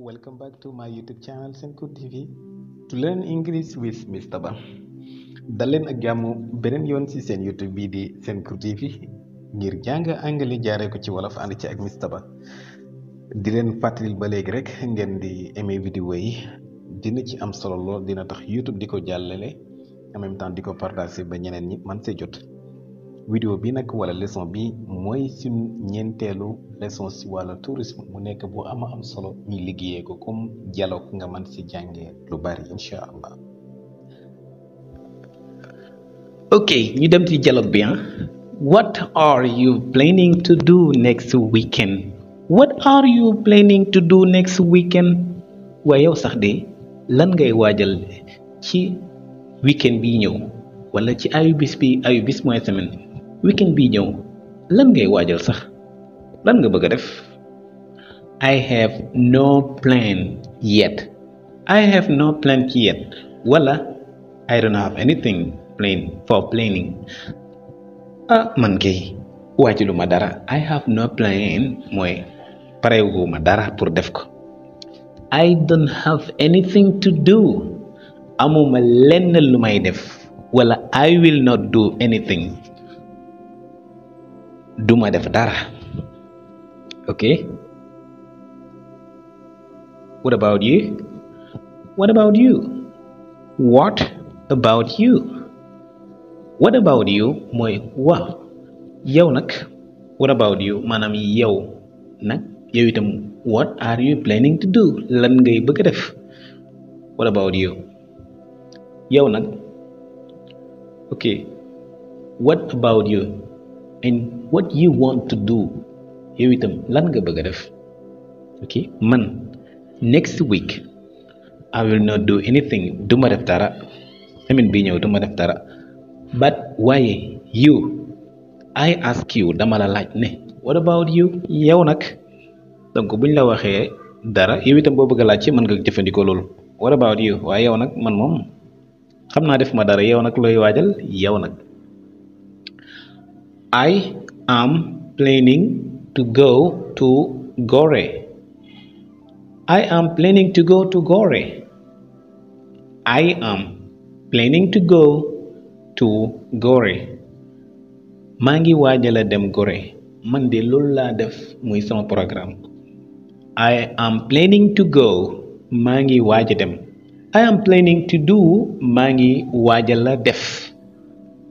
Welcome back to my YouTube channel Senco TV to leen English with Mr. Ba dal leen ak jàmm beneen yoon ci seen YouTube bii di Senco TV ngir jàng anglais jaaree ko ci wolof ànd ci ak Mr. Ba di leen fàttalil ba léegi rek ngeen di aimer vidéo yi dina ci am solo lool dina tax YouTube di ko jàllale en même temps di ko partager ba ñeneen ñi man see jot. vidéo bi nag wala leçon bi mooy si ñeenteelu leçon si wàllu tourisme mu nekk boo ama am solo ñu liggéeyee ko comme dialogue nga man si jàngee lu bari incha allah. ok ñu dem ci dialogue bi ah. what are you planning to do next weekend. what waaye yow sax de lan ngay waajal ci weekend bi ñëw wala ci ayu bi ayu bis mooy semaine. weekend bii ñëw lan ngay waajal sax lan nga bëgg a def I have no plan yet I have no plan yet wala I don't have anything plan for planning ah man kay waajalu ma dara I have no plan mooy parewu ma dara pour def ko I don't have anything to do amuma lenn lu may def wala I will not do anything duma def dara ok what about you what about you what about you what about you mooy wa yow nag what about you maanaam yow nag yow itam what are you planning to do lan ngay bëgg a def what about you yow nag ok what about you and what you want to do yow itam lan nga bëgg a def ok man next week I will not do anything du def dara semaine bi ñëw du def dara but waaye you I ask you dama la laaj ne what about you yow nag donc buñ la waxee dara yow itam boo bëgg a laaj ci mën nga jëfandikoo loolu what about you waaye yow nag man moom xam naa def ma dara yow nag looy waajal yow nag. I am planning to go to Gore. I am planning to go to Gore. I am planning to go to maa ngi waajal a dem gore man de loolu laa def muy sama programme I am planning to go maa ngi waaj a dem I am planning to do maa ngi waajal a def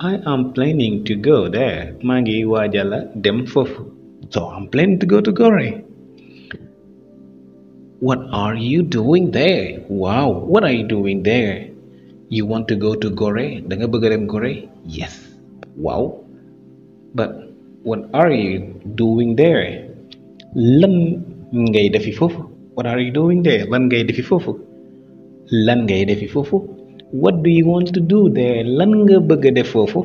I am planning to go there maa ngi waajal a dem foofu so I'm planning to go to Gorée what are you doing there wow what are you doing there you want to go to Gorée da nga bëgg a dem Gorée yes wow but what are you doing there lan ngay defi foofu what are you doing there lan ngay defi foofu lan ngay defi foofu what do you want to do there lan nga bëgg a def foofu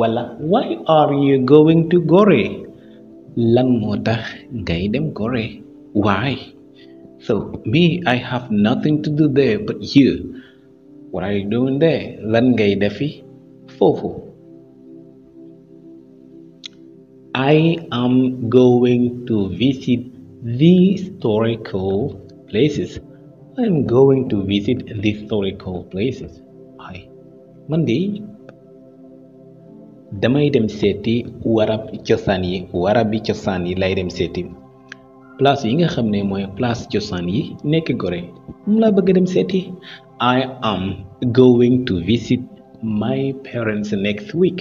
wala why are you going to Gorée lan moo tax ngay dem Gorée why so me I have nothing to do there but you what are you lan ngay defi foofu I am going to visit the historical places I'm going to visit historical places. Hi, Monday. damay dem seeti warab cosaan yi warab cosaan yi lay dem seeti place yi nga xam ne mooy place cosaan yi nekk Gorée mu laa bëgg a dem seeti I am going to visit my parents next week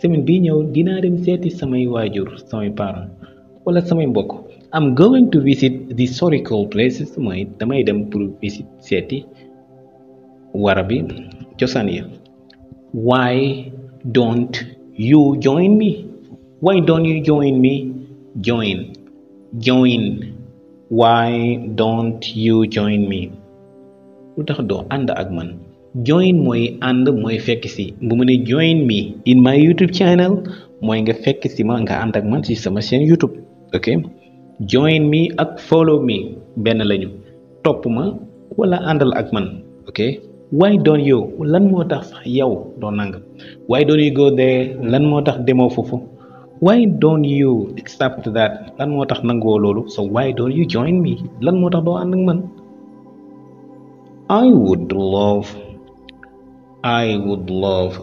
semaine bii ñëw dinaa dem seeti samay waajur samay parents wala samay mbokk am going to visit the historical places mooy damay dem pour visit seeti wara bi cosaan yi why don't you join me why don't you join me join join why don't lu tax doo ànd ak man join mooy ànd mooy fekk si bu mu ne join me in my youtube channel mooy nga fekk si ma nga ànd ak man si sama chaîne youtube ok join mi ak follow mi benn lañu topp ma wala àndal ak man ok why don't you lan moo tax yow doo nang why doon you go there lan moo tax demoo foofu why don't you accept that lan moo tax nangoo loolu so why don't you join me lan moo tax doo ànd ak man I would love I would love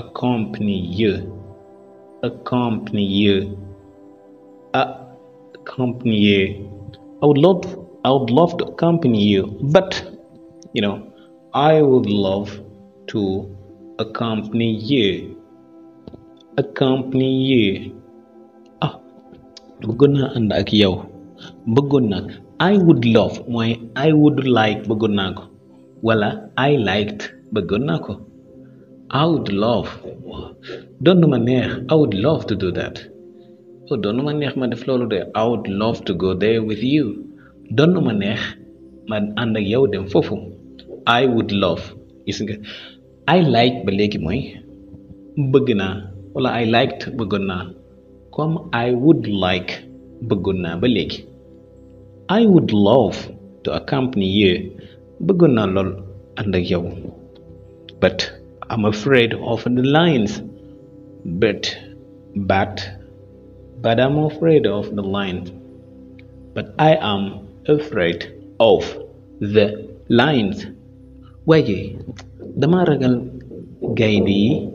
accompany you accompany you. Ah, accompany you. I would love I would love to accompany you, but you know, I would love to accompany you. Accompany you. ah bëggoon naa ànd ak yow bëggoon naa I would love mooy I would like bëggoon naa ko wala I liked bëggoon naa ko I would love doon na ma I would love to do that. so ma neex ma def loolu de I would love to go there with you doon ma neex ma ànd ak yow dem foofu I would love gis nga I like mooy bëgg naa wala I liked bëggoon naa comme I would like bëggoon naa ba léegi I would love to accompany you bëggoon naa lool ànd ak yow but I'm afraid of the lions but but but I'm afraid of the lion. But I am afraid of the lions. waaye dama ragal gaynde yi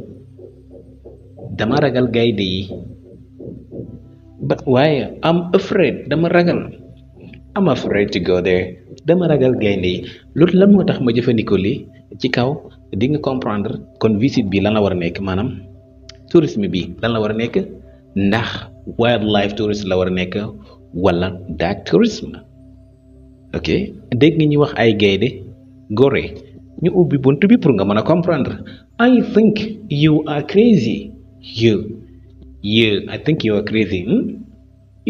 dama ragal gaynde yi but waaye I'm dama ragal I'm afraid to go there dama ragal gaynde yi loolu lan moo tax ma jëfandikoo li ci kaw dinga comprendre kon visite bi lan la war a nekk maanaam tourisme bi lan la war a nekk. ndax wildlife tourisme la war a nekk walla dark tourism ok dégg nga ñuy wax ay gaynde gore ñu ubbi bunt bi pour nga mën a comprendre I think you are crazy you you I think you are crazy he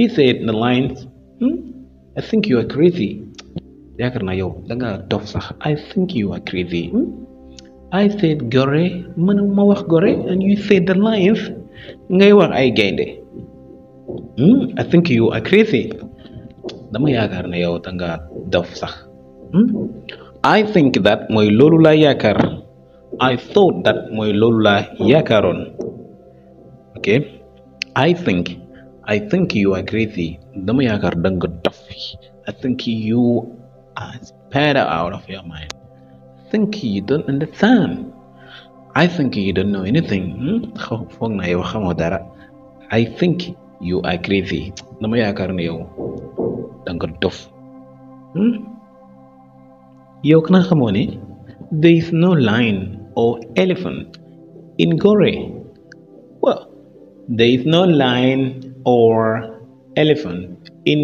hmm? said the hmm? yaakaar naa yow da nga sax I think you are crazy hmm? I said gore man ma wax gore and you said the lines ngay wax ay gaynde hmm, I think you are crazy dama yaakaar ne yow tanga nga dof sax hmm? I think that mooy loolu laa yaakaar I thought that mooy loolu laa yaakaaroon ok I think I think you are crazy dama yaakaar da nga dof I think you are spread out of your mind think you don't understand I think you don't know anything hmm? xaw foog yow xamoo dara I think you are crazy dama yaakaar ne yow da hmm? nga dof yow kana xamoo ne there is no lion or elephant in Gorée well there is no lion or elephant in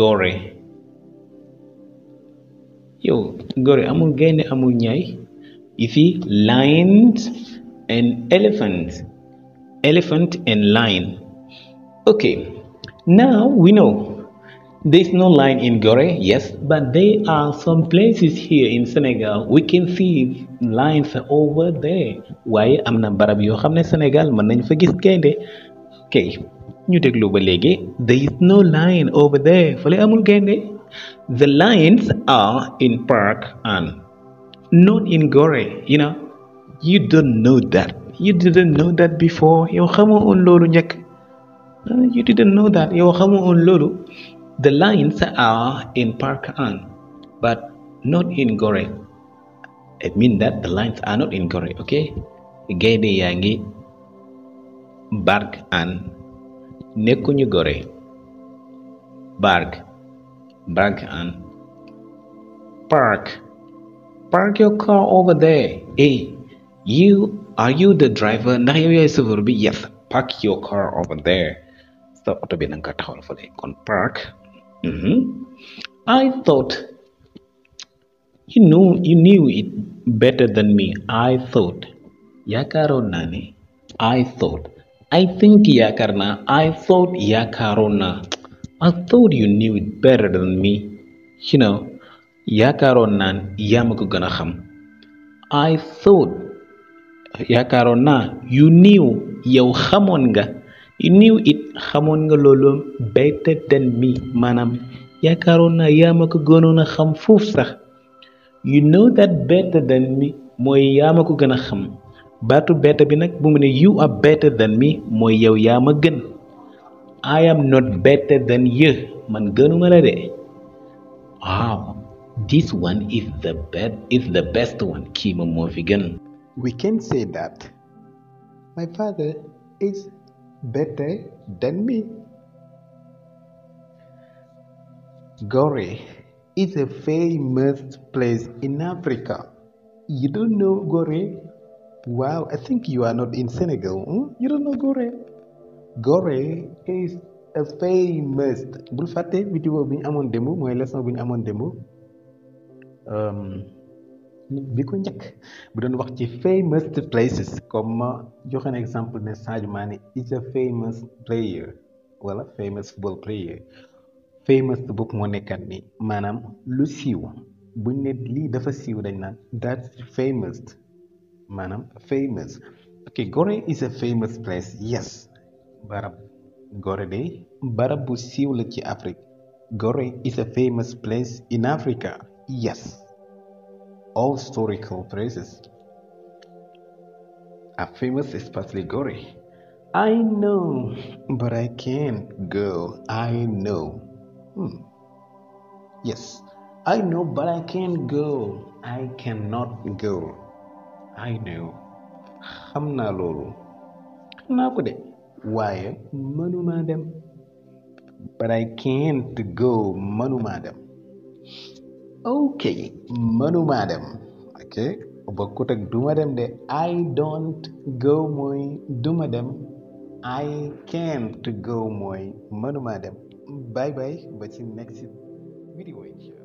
Gorée yow Gorée amul gaynde amul ñay You see, lions and elephants. Elephant and lion. Okay, now we know there's no lion in Gore, yes, but there are some places here in Senegal we can see lions over there. waaye am na barab yoo xam ne Sénégal mën nañ fa gis gaynde okay ñu déglu ba léegi there is no lion over there fële amul gaynde the lions are in park and known in Gore you know you don't know that you didn't know that before yow xamoo woon loolu njëkk ah, you didn't know that yow xamoo woon loolu the lines are in Parkaan but not in Gore I mean that the lines are not in Gore okay gaynde yaa ngi Barkaan nekkuñu Gore Barg Barkaan Park park your car over there you are you the driver ndax yow yaay chauffeur bi yes park your car over there sa oto bi nanga ko taxawal fële kon park I thought you know you knew it better than me I thought yaakaaroon naa ne I thought I think yaakaar naa I thought yaakaaroon naa I thought you knew it better than me you know yaakaaroon naan yaam a ko gën a xam I thought yaakaaroon naa yu niiw yow xamoon nga you knew it xamoon nga loolu better than me maanaam yaakaaroon naa yaam a ko gënoon a xam foofu sax yu know that better than me mooy yaa ma ko gën a xam baatu better bi nag bu mu ne you are better than me mooy yow yaa ma gën I am not better than you man gënuma la de waaw this one is the best one kii moom moo fi gën. we can say that my father is better than me. Goree is a famous place in Africa. You don't know Goree? Wow, I think you are not in Senegal. Hmm? You don't know Goree? Goree is a famous. bul fàtte vidéo bi amoon dembu mooy leçon bi ñu amoon démb. Ehm, bi ko njëkk bu doon wax ci famous places comme ma joxe na exemple ne Sadio Mané is a famous player wala famous football player famous boobu moo nekkaat ni maanaam lu siiw buñ ne lii dafa siiw dañ naan that's famous maanaam famous ok Gorée is a famous place yes barab Gorée de barab bu siiw la ci Afrique Gorée is a famous place in Africa Yes, all historical places are famous, especially Gori. I know, but I can't go. I know. Hmm. Yes, I know, but I can't go. I cannot go. I know. xam loolu. naa ko de. waaye mënuma dem. but I can't go mënuma dem. ok mënumaa dem ok bokkut ak duma dem de I don't go mooy duma dem I can't go mooy mënumaa dem bye bye ba ci next video